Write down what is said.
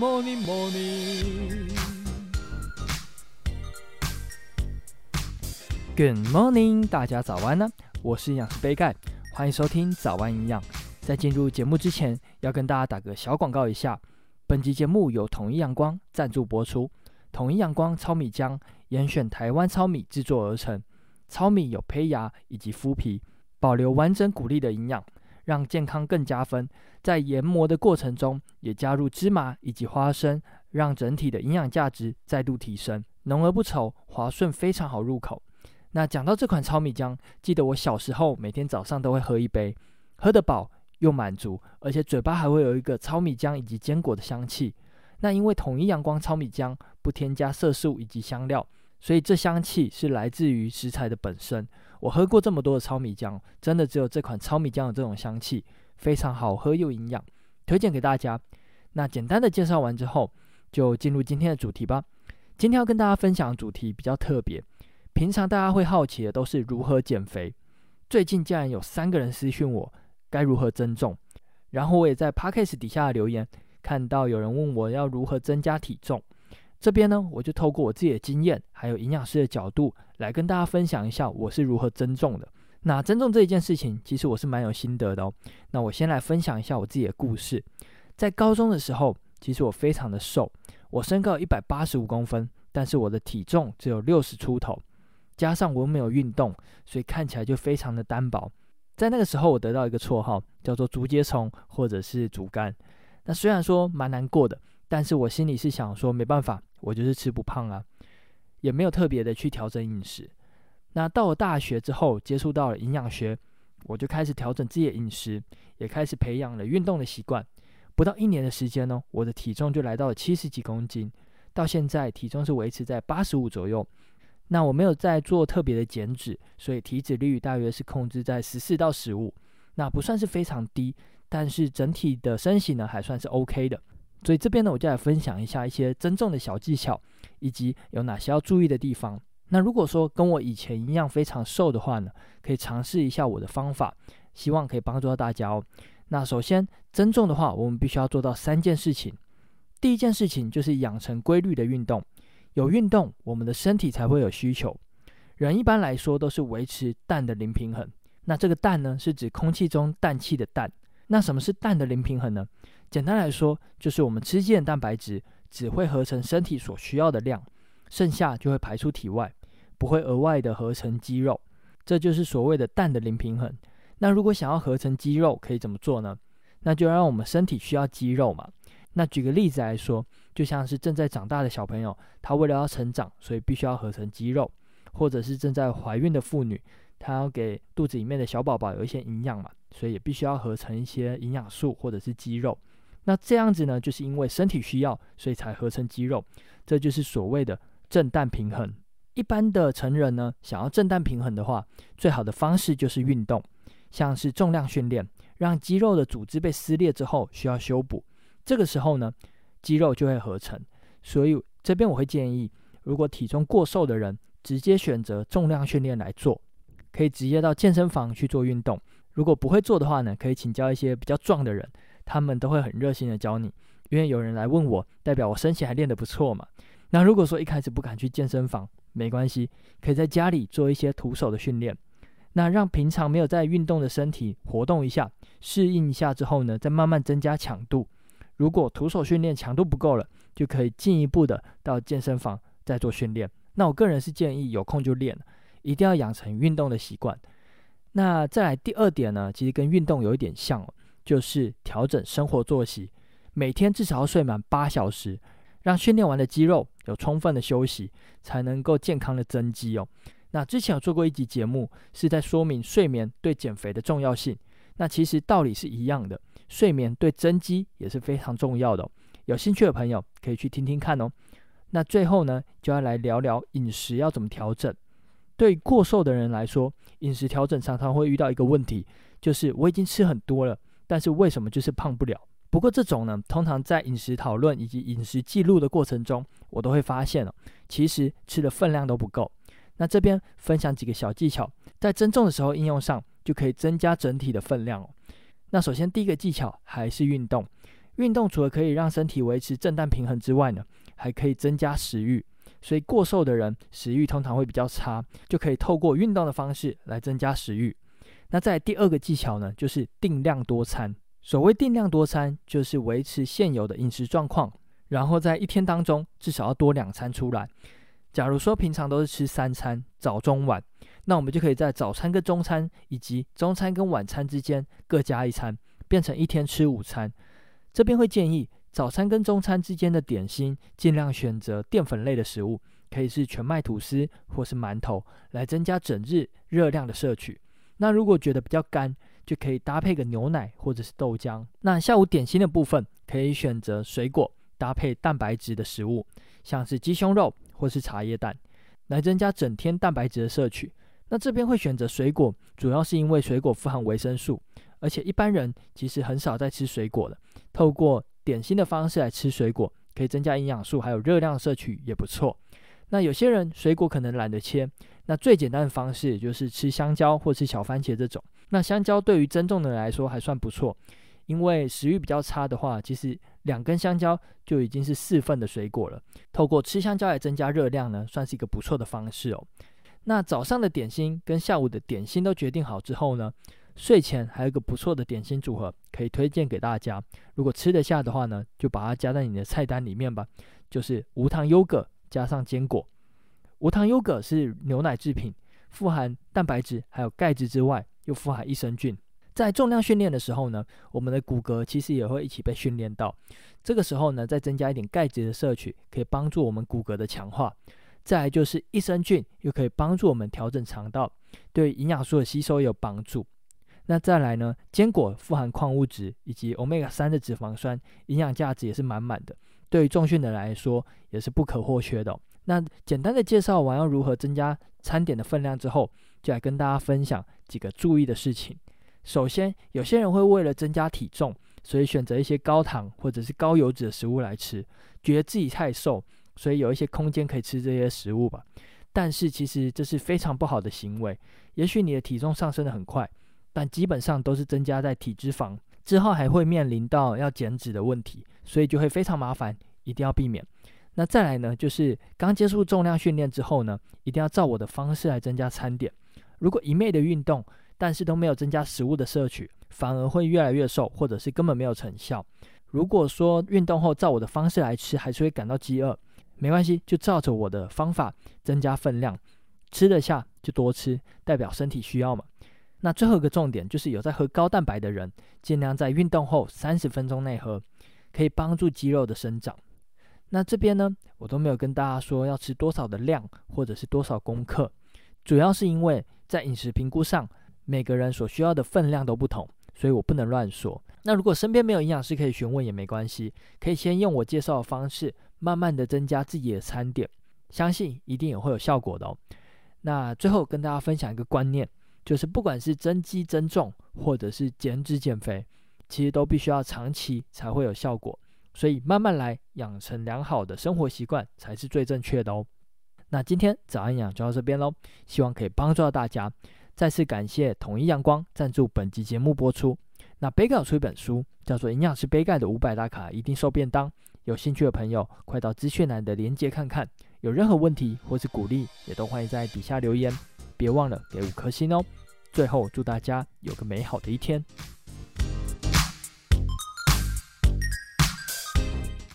Morning, morning. Good morning，大家早安呢！我是營養師杯蓋，歡迎收聽早安營養。在進入節目之前，要跟大家打個小廣告一下。本集節目由統一陽光贊助播出。統一陽光糙米漿嚴選台灣糙米製作而成，糙米有胚芽以及麩皮，保留完整穀粒的營養。讓健康更加分，在研磨的過程中也加入芝麻以及花生，讓整體的營養價值再度提升，濃而不稠，滑順，非常好入口。那講到這款糙米漿，記得我小時候每天早上都會喝一杯，喝得飽又滿足，而且嘴巴還會有一個糙米漿以及堅果的香氣。那因為統一陽光糙米漿不添加色素以及香料。所以這香氣是來自於食材的本身。我喝過這麼多的糙米漿，真的只有這款糙米漿有這種香氣，非常好喝又營養，推薦給大家。那簡單的介紹完之後，就進入今天的主題吧。今天要跟大家分享的主題比較特別，平常大家會好奇的都是如何減肥，最近竟然有三個人私訊我該如何增重，然後我也在 podcast 底下留言看到有人問我要如何增加體重。這邊呢，我就透過我自己的經驗，還有營養師的角度來跟大家分享一下我是如何增重的。那增重這一件事情，其實我是蠻有心得的哦。那我先來分享一下我自己的故事。在高中的時候，其實我非常的瘦，我身高一百八十五公分，但是我的體重只有六十出頭，加上我又沒有運動，所以看起來就非常的單薄。在那個時候，我得到一個綽號叫做竹節蟲，或者是竹竿。那雖然說蠻難過的，但是我心裡是想說沒辦法。我就是吃不胖啊，也沒有特別的去調整飲食。那到了大學之後，接觸到了營養學，我就開始調整自己的飲食，也開始培養了運動的習慣。不到一年的時間呢、哦，我的體重就來到了七十幾公斤。到現在體重是維持在八十五左右。那我沒有再做特別的減脂，所以體脂率大約是控制在十四到十五，那不算是非常低，但是整體的身形呢，還算是 OK 的。所以這邊呢，我就來分享一下一些增重的小技巧，以及有哪些要注意的地方。那如果說跟我以前一樣非常瘦的話呢，可以嘗試一下我的方法，希望可以幫助到大家哦。那首先增重的話，我們必須要做到三件事情。第一件事情就是養成規律的運動，有運動，我們的身體才會有需求。人一般來說都是維持氮的零平衡。那這個氮呢，是指空氣中氮氣的氮。那什麼是氮的零平衡呢？簡單來說，就是我們吃進蛋白質只會合成身體所需要的量，剩下就會排出體外，不會額外的合成肌肉。這就是所謂的氮的零平衡。那如果想要合成肌肉，可以怎麼做呢？那就讓我們身體需要肌肉嘛。那舉個例子來說，就像是正在長大的小朋友，他為了要成長，所以必須要合成肌肉；或者是正在懷孕的婦女，她要給肚子裡面的小寶寶有一些營養嘛，所以也必須要合成一些營養素或者是肌肉。那這樣子呢，就是因為身體需要，所以才合成肌肉，這就是所謂的正氮平衡。一般的成人呢，想要正氮平衡的話，最好的方式就是運動，像是重量訓練，讓肌肉的組織被撕裂之後需要修補，這個時候呢，肌肉就會合成。所以這邊我會建議，如果體重過瘦的人，直接選擇重量訓練來做，可以直接到健身房去做運動。如果不會做的話呢，可以請教一些比較壯的人。他們都會很熱心的教你，因為有人來問我，代表我身體還練得不錯嘛。那如果說一開始不敢去健身房，沒關係，可以在家裡做一些徒手的訓練，那讓平常沒有在運動的身體活動一下，適應一下之後呢，再慢慢增加強度。如果徒手訓練強度不夠了，就可以進一步的到健身房再做訓練。那我個人是建議有空就練，一定要養成運動的習慣。那再來第二點呢，其實跟運動有一點像了。就是調整生活作息，每天至少要睡滿八小時，讓訓練完的肌肉有充分的休息，才能夠健康的增肌哦。那之前有做過一集節目，是在說明睡眠對減肥的重要性。那其實道理是一樣的，睡眠對增肌也是非常重要的哦。有興趣的朋友可以去聽聽看哦。那最後呢，就要來聊聊飲食要怎麼調整。對過瘦的人來說，飲食調整常常會遇到一個問題，就是我已經吃很多了。但是為什麼就是胖不了？不過這種呢，通常在飲食討論以及飲食記錄的過程中，我都會發現了哦，其實吃的分量都不夠。那這邊分享幾個小技巧，在增重的時候應用上，就可以增加整體的分量哦。那首先第一個技巧還是運動，運動除了可以讓身體維持正氮平衡之外呢，還可以增加食慾。所以過瘦的人食慾通常會比較差，就可以透過運動的方式來增加食慾。那在第二個技巧呢，就是定量多餐。所謂定量多餐，就是維持現有的飲食狀況，然後在一天當中至少要多兩餐出來。假如說平常都是吃三餐，早中晚，那我們就可以在早餐跟中餐，以及中餐跟晚餐之間各加一餐，變成一天吃五餐。這邊會建議，早餐跟中餐之間的點心，儘量選擇澱粉類的食物，可以是全麥吐司或是饅頭，來增加整日熱量的攝取。那如果覺得比較乾，就可以搭配個牛奶或者是豆漿。那下午點心的部分，可以選擇水果搭配蛋白質的食物，像是雞胸肉或是茶葉蛋，來增加整天蛋白質的攝取。那這邊會選擇水果，主要是因為水果富含維生素，而且一般人其實很少在吃水果的。透過點心的方式來吃水果，可以增加營養素，還有熱量攝取也不錯。那有些人水果可能懶得切。那最簡單的方式就是吃香蕉或是小番茄這種。那香蕉對於增重的人來說還算不錯，因為食欲比較差的話，其實兩根香蕉就已經是四份的水果了。透過吃香蕉來增加熱量呢，算是一個不錯的方式哦。那早上的點心跟下午的點心都決定好之後呢，睡前還有一個不錯的點心組合可以推薦給大家。如果吃得下的話呢，就把它加在你的菜單裡面吧。就是無糖優格加上堅果。無糖優格是牛奶製品，富含蛋白質，還有鈣質之外，又富含益生菌。在重量訓練的時候呢，我們的骨骼其實也會一起被訓練到。這個時候呢，再增加一點鈣質的攝取，可以幫助我們骨骼的強化。再來就是益生菌，又可以幫助我們調整腸道，對營養素的吸收也有幫助。那再來呢，堅果富含礦物質以及歐米伽三的脂肪酸，營養價值也是滿滿的，對於重訓的人來說也是不可或缺的哦。那簡單的介紹完要如何增加餐點的分量之後，就來跟大家分享幾個注意的事情。首先，有些人會為了增加體重，所以選擇一些高糖或者是高油脂的食物來吃，覺得自己太瘦，所以有一些空間可以吃這些食物吧。但是其實這是非常不好的行為。也許你的體重上升得很快，但基本上都是增加在體脂肪，之後還會面臨到要減脂的問題，所以就會非常麻煩，一定要避免。那再來呢，就是剛接觸重量訓練之後呢，一定要照我的方式來增加餐點。如果一昧的運動，但是都沒有增加食物的攝取，反而會越來越瘦，或者是根本沒有成效。如果說運動後照我的方式來吃，還是會感到飢餓，沒關係，就照着我的方法增加分量，吃得下就多吃，代表身體需要嘛。那最後一個重點就是，有在喝高蛋白的人，儘量在運動後三十分鐘內喝，可以幫助肌肉的生長。那這邊呢，我都沒有跟大家說要吃多少的量，或者是多少公克，主要是因為在飲食評估上，每個人所需要的分量都不同，所以我不能亂說。那如果身邊沒有營養師可以詢問也沒關係，可以先用我介紹的方式，慢慢地增加自己的餐點，相信一定也會有效果的哦。那最後跟大家分享一個觀念，就是不管是增肌增重或者是減脂減肥，其實都必須要長期才會有效果，所以慢慢來。養成良好的生活習慣才是最正確的哦。那今天早安營養就到這邊嘍，希望可以幫助到大家。再次感謝統一陽光贊助本集節目播出。那杯蓋有出一本書，叫做《營養師杯蓋的五百大卡一定瘦便當》，有興趣的朋友快到資訊欄的連結看看。有任何問題或是鼓勵，也都歡迎在底下留言。別忘了給五顆星哦。最後祝大家有個美好的一天。